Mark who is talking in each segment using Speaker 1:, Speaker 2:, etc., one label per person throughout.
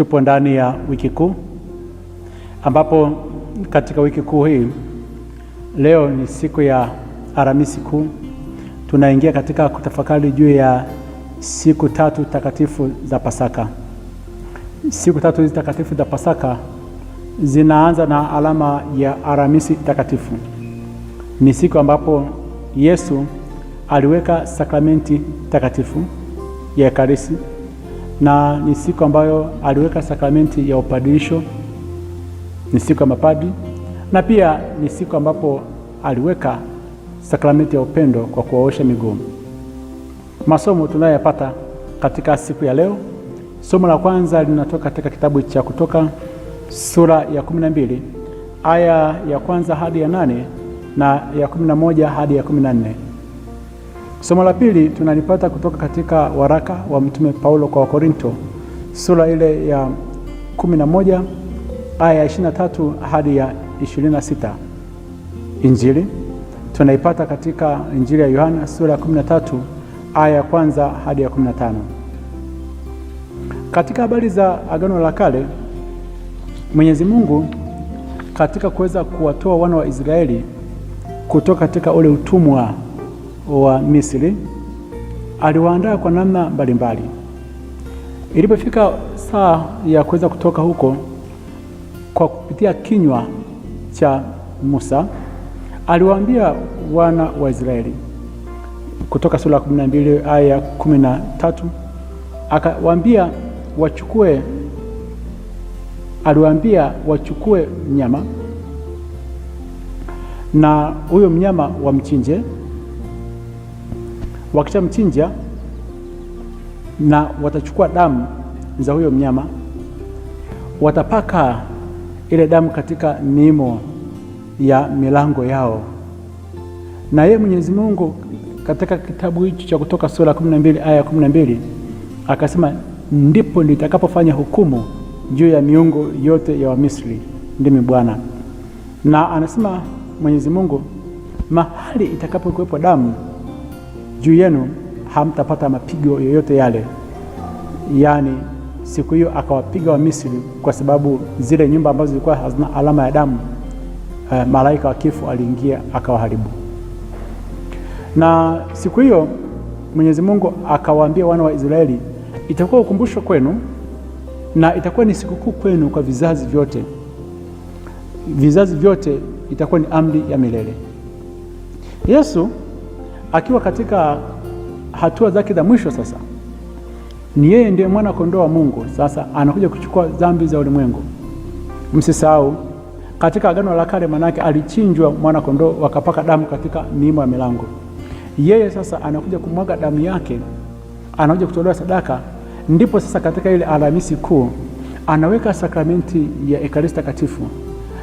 Speaker 1: Tupo ndani ya wiki kuu ambapo katika wiki kuu hii leo ni siku ya Alhamisi Kuu, tunaingia katika kutafakari juu ya siku tatu takatifu za Pasaka. Siku tatu hizi takatifu za Pasaka zinaanza na alama ya Alhamisi Takatifu. Ni siku ambapo Yesu aliweka sakramenti takatifu ya Ekaristi na ni siku ambayo aliweka sakramenti ya upadirisho, ni siku ya mapadri, na pia ni siku ambapo aliweka sakramenti ya upendo kwa kuwaosha miguu. Masomo tunayoyapata katika siku ya leo, somo la kwanza linatoka katika kitabu cha Kutoka sura ya kumi na mbili aya ya kwanza hadi ya nane na ya kumi na moja hadi ya kumi na nne. Somo la pili tunalipata kutoka katika waraka wa Mtume Paulo kwa Wakorinto sura ile ya 11 aya ya 23 hadi ya 26. Injili tunaipata katika Injili ya Yohana sura ya 13 aya ya kwanza hadi ya 15. Katika habari za Agano la Kale, Mwenyezi Mungu katika kuweza kuwatoa wana wa Israeli kutoka katika ule utumwa wa Misri aliwaandaa kwa namna mbalimbali. Ilipofika saa ya kuweza kutoka huko, kwa kupitia kinywa cha Musa aliwaambia wana wa Israeli, Kutoka sura ya kumi na mbili aya ya kumi na tatu akawaambia wachukue, aliwaambia wachukue mnyama na huyo mnyama wamchinje Wakishamchinja na watachukua damu za huyo mnyama, watapaka ile damu katika miimo ya milango yao. Na yeye Mwenyezi Mungu katika kitabu hicho cha Kutoka sura 12 aya ya 12 akasema, ndipo nitakapofanya hukumu juu ya miungu yote ya Wamisri, ndimi Bwana. Na anasema Mwenyezi Mungu, mahali itakapokuwepo damu juu yenu hamtapata mapigo yoyote yale. Yaani siku hiyo akawapiga Wamisri kwa sababu zile nyumba ambazo zilikuwa hazina alama ya damu e, malaika wa kifo aliingia akawaharibu. Na siku hiyo Mwenyezi Mungu akawaambia wana wa Israeli, itakuwa ukumbusho kwenu na itakuwa ni sikukuu kwenu kwa vizazi vyote, vizazi vyote itakuwa ni amri ya milele. Yesu akiwa katika hatua zake za mwisho. Sasa ni yeye ndiye mwana kondoo wa Mungu, sasa anakuja kuchukua dhambi za ulimwengu. Msisahau katika agano la kale, manake alichinjwa mwana kondoo, wakapaka damu katika miimo ya milango. Yeye sasa anakuja kumwaga damu yake, anakuja kutolewa sadaka. Ndipo sasa katika ile Alhamisi Kuu anaweka sakramenti ya Ekaristi Takatifu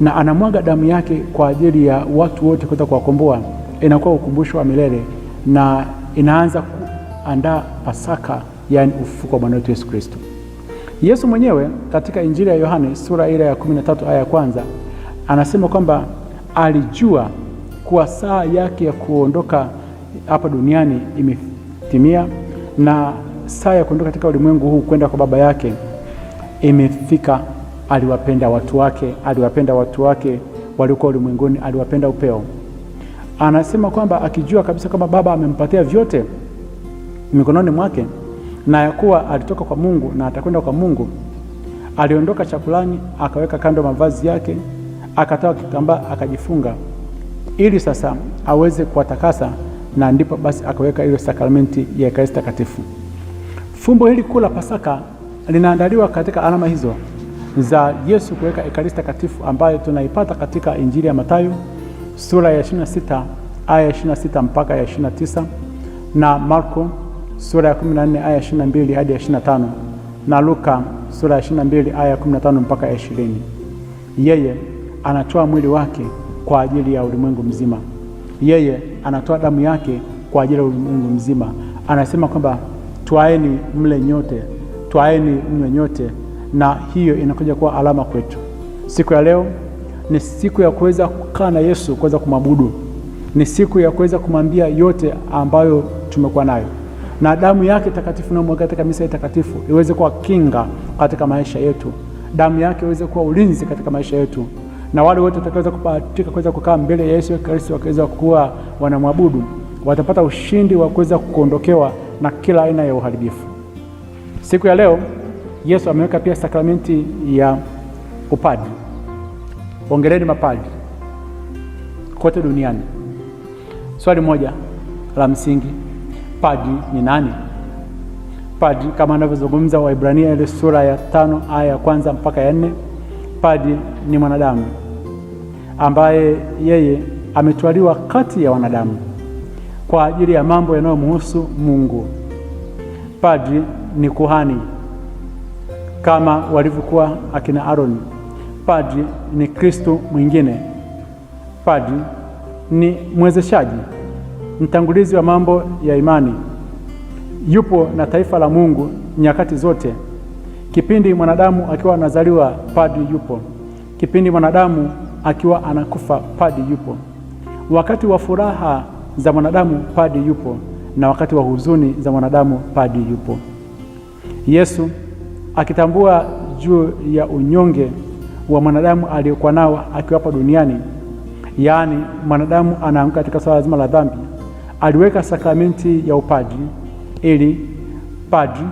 Speaker 1: na anamwaga damu yake kwa ajili ya watu wote kuweza kuwakomboa inakuwa ukumbusho wa milele na inaanza kuandaa Pasaka, yaani ufufuko wa Bwana wetu Yesu Kristo. Yesu mwenyewe katika Injili ya Yohane sura ile ya 13 aya ya kwanza anasema kwamba alijua kuwa saa yake ya kuondoka hapa duniani imetimia na saa ya kuondoka katika ulimwengu huu kwenda kwa Baba yake imefika. Aliwapenda watu wake, aliwapenda watu wake waliokuwa ulimwenguni, aliwapenda upeo anasema kwamba akijua kabisa kwamba baba amempatia vyote mikononi mwake na ya kuwa alitoka kwa Mungu na atakwenda kwa Mungu, aliondoka chakulani, akaweka kando mavazi yake, akatoa kitambaa akajifunga, ili sasa aweze kuwatakasa, na ndipo basi akaweka ile sakramenti ya Ekaristi Takatifu. Fumbo hili kuu la Pasaka linaandaliwa katika alama hizo za Yesu kuweka Ekaristi Takatifu ambayo tunaipata katika Injili ya Mathayo sura ya 26 aya ya 26 mpaka ya 29 na Marko sura ya 14 aya ya 22 hadi ya 25 na Luka sura ya 22 aya ya 15 mpaka ya 20. Yeye anatoa mwili wake kwa ajili ya ulimwengu mzima. Yeye anatoa damu yake kwa ajili ya ulimwengu mzima. Anasema kwamba twaeni mle nyote, twaeni mnywe nyote, na hiyo inakuja kuwa alama kwetu. Siku ya leo ni siku ya kuweza kukaa na Yesu, kuweza kumwabudu ni siku ya kuweza kumwambia yote ambayo tumekuwa nayo, na damu yake takatifu na mwaga katika misa takatifu iweze kuwa kinga katika maisha yetu, damu yake iweze kuwa ulinzi katika maisha yetu, na wale wote watakaoweza kupatika kuweza kukaa mbele ya Yesu Kristo wakiweza kuwa wanamwabudu watapata ushindi wa kuweza kuondokewa na kila aina ya uharibifu. Siku ya leo Yesu ameweka pia sakramenti ya upadri. Ongereni mapadri kote duniani. Swali moja la msingi, padri ni nani? Padri kama anavyozungumza Waibrania ile sura ya tano aya ya kwanza mpaka ya nne, padri ni mwanadamu ambaye yeye ametwaliwa kati ya wanadamu kwa ajili ya mambo yanayomhusu Mungu. Padri ni kuhani kama walivyokuwa akina Aroni. Padri ni Kristo mwingine. Padri ni mwezeshaji, mtangulizi wa mambo ya imani. Yupo na taifa la Mungu nyakati zote. Kipindi mwanadamu akiwa anazaliwa, padri yupo. Kipindi mwanadamu akiwa anakufa, padri yupo. Wakati wa furaha za mwanadamu, padri yupo, na wakati wa huzuni za mwanadamu, padri yupo. Yesu akitambua juu ya unyonge wa mwanadamu aliyokuwa nao akiwa hapa duniani yaani mwanadamu anaanguka katika swala zima la dhambi, aliweka sakramenti ya upadri ili padri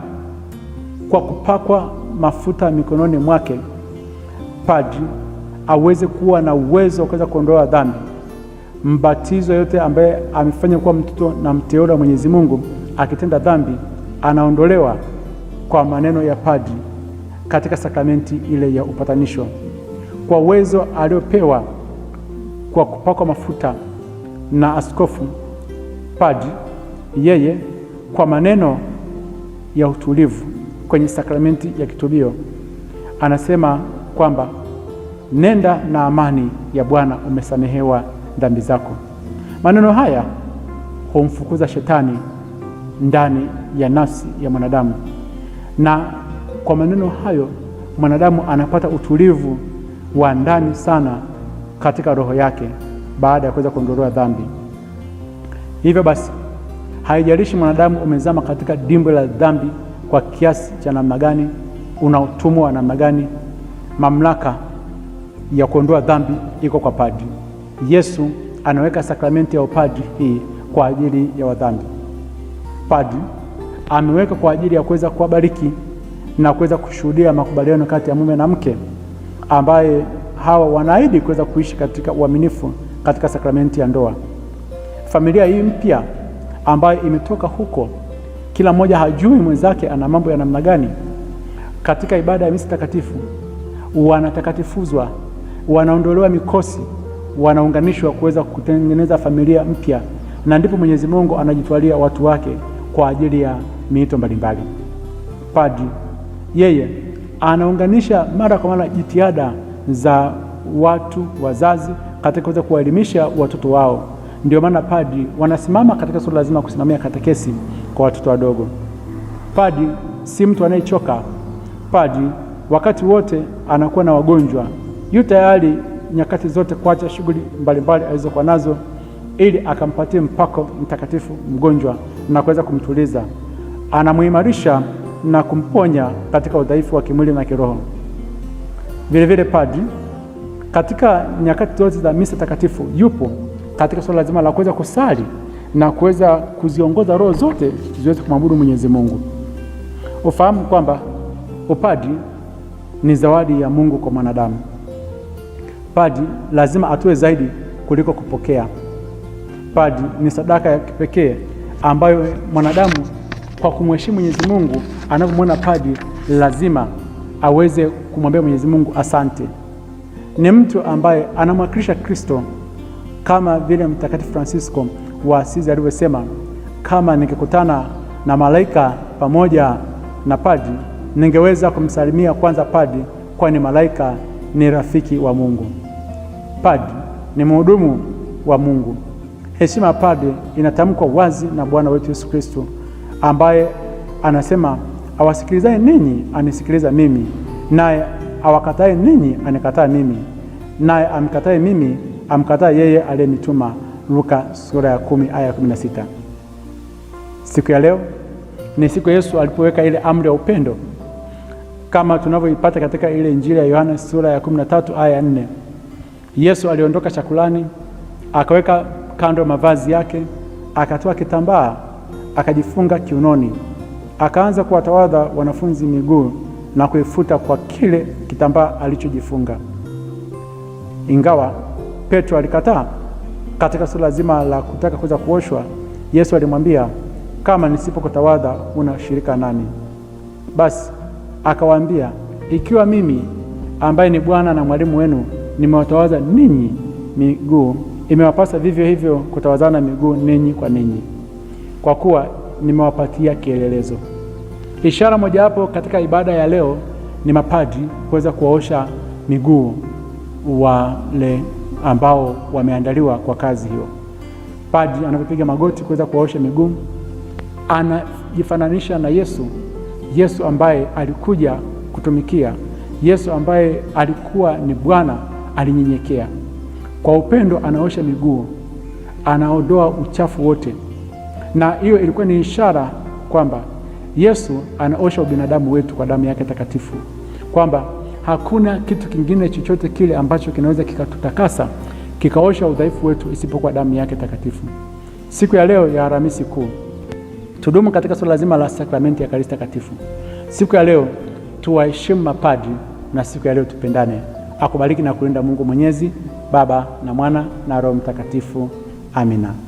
Speaker 1: kwa kupakwa mafuta mikononi mwake padri aweze kuwa na uwezo wa kuweza kuondoa dhambi. Mbatizo yote ambaye amefanya kuwa mtoto na mteule wa Mwenyezi Mungu akitenda dhambi anaondolewa kwa maneno ya padri katika sakramenti ile ya upatanisho kwa uwezo aliopewa kwa kupakwa mafuta na askofu padi, yeye kwa maneno ya utulivu kwenye sakramenti ya kitubio anasema kwamba nenda na amani ya Bwana, umesamehewa dhambi zako. Maneno haya humfukuza shetani ndani ya nafsi ya mwanadamu, na kwa maneno hayo mwanadamu anapata utulivu wa ndani sana katika roho yake baada ya kuweza kuondolewa dhambi. Hivyo basi, haijalishi mwanadamu umezama katika dimbwe la dhambi kwa kiasi cha namna gani, una utumwa wa namna gani, mamlaka ya kuondoa dhambi iko kwa padri. Yesu anaweka sakramenti ya upadri hii kwa ajili ya wadhambi. Padri ameweka kwa ajili ya kuweza kuwabariki na kuweza kushuhudia makubaliano kati ya mume na mke ambaye hawa wanaahidi kuweza kuishi katika uaminifu katika sakramenti ya ndoa. Familia hii mpya ambayo imetoka huko, kila mmoja hajui mwenzake ana mambo ya namna gani. Katika ibada ya misa takatifu wanatakatifuzwa, wanaondolewa mikosi, wanaunganishwa kuweza kutengeneza familia mpya, na ndipo Mwenyezi Mungu anajitwalia watu wake kwa ajili ya miito mbalimbali. Padri yeye anaunganisha mara kwa mara jitihada za watu wazazi katika kuweza kuwaelimisha watoto wao. Ndio maana padi wanasimama katika suala lazima kusimamia katekesi kwa watoto wadogo. Padi si mtu anayechoka. Padi wakati wote anakuwa na wagonjwa, yu tayari nyakati zote kuacha shughuli mbalimbali alizokuwa nazo ili akampatie mpako mtakatifu mgonjwa na kuweza kumtuliza, anamuimarisha na kumponya katika udhaifu wa kimwili na kiroho. Vilevile padri katika nyakati zote za misa takatifu yupo katika swala zima la kuweza kusali na kuweza kuziongoza roho zote ziweze kumwabudu Mwenyezi Mungu. Ufahamu kwamba upadri ni zawadi ya Mungu kwa mwanadamu. Padri lazima atoe zaidi kuliko kupokea. Padri ni sadaka ya kipekee ambayo mwanadamu kwa kumheshimu Mwenyezi Mungu, anapomwona padri lazima aweze kumwambia Mwenyezi Mungu asante. Ni mtu ambaye anamwakilisha Kristo kama vile Mtakatifu Francisco wa Asizi alivyosema, kama ningekutana na malaika pamoja na padi, ningeweza kumsalimia kwanza padi, kwani malaika ni rafiki wa Mungu. Padi ni mhudumu wa Mungu. Heshima ya padi inatamkwa wazi na Bwana wetu Yesu Kristo ambaye anasema awasikilizaye ninyi anisikiliza mimi, naye awakataye ninyi anikataa mimi, naye amkataye mimi amkataa yeye aliyenituma. Luka sura ya kumi aya ya kumi na sita. Siku ya leo ni siku Yesu alipoweka ile amri ya upendo kama tunavyoipata katika ile Injili ya Yohana sura ya tatu aya ya nne. Yesu aliondoka chakulani, akaweka kando mavazi yake, akatoa kitambaa, akajifunga kiunoni akaanza kuwatawadha wanafunzi miguu na kuifuta kwa kile kitambaa alichojifunga. Ingawa Petro alikataa katika suala zima la kutaka kuweza kuoshwa, Yesu alimwambia, kama nisipokutawadha una shirika nani? Basi akawaambia, ikiwa mimi ambaye ni Bwana na mwalimu wenu nimewatawaza ninyi miguu, imewapasa vivyo hivyo kutawazana miguu ninyi kwa ninyi, kwa kuwa nimewapatia kielelezo. Ishara mojawapo katika ibada ya leo ni mapadi kuweza kuwaosha miguu wale ambao wameandaliwa kwa kazi hiyo. Padi anapopiga magoti kuweza kuwaosha miguu, anajifananisha na Yesu, Yesu ambaye alikuja kutumikia, Yesu ambaye alikuwa ni Bwana, alinyenyekea kwa upendo, anaosha miguu, anaondoa uchafu wote na hiyo ilikuwa ni ishara kwamba Yesu anaosha ubinadamu wetu kwa damu yake takatifu, kwamba hakuna kitu kingine chochote kile ambacho kinaweza kikatutakasa kikaosha udhaifu wetu isipokuwa damu yake takatifu. Siku ya leo ya Alhamisi Kuu tudumu katika suala zima la sakramenti ya Ekaristi Takatifu. Siku ya leo tuwaheshimu mapadri, na siku ya leo tupendane. Akubariki na kulinda Mungu Mwenyezi, Baba na Mwana na Roho Mtakatifu. Amina.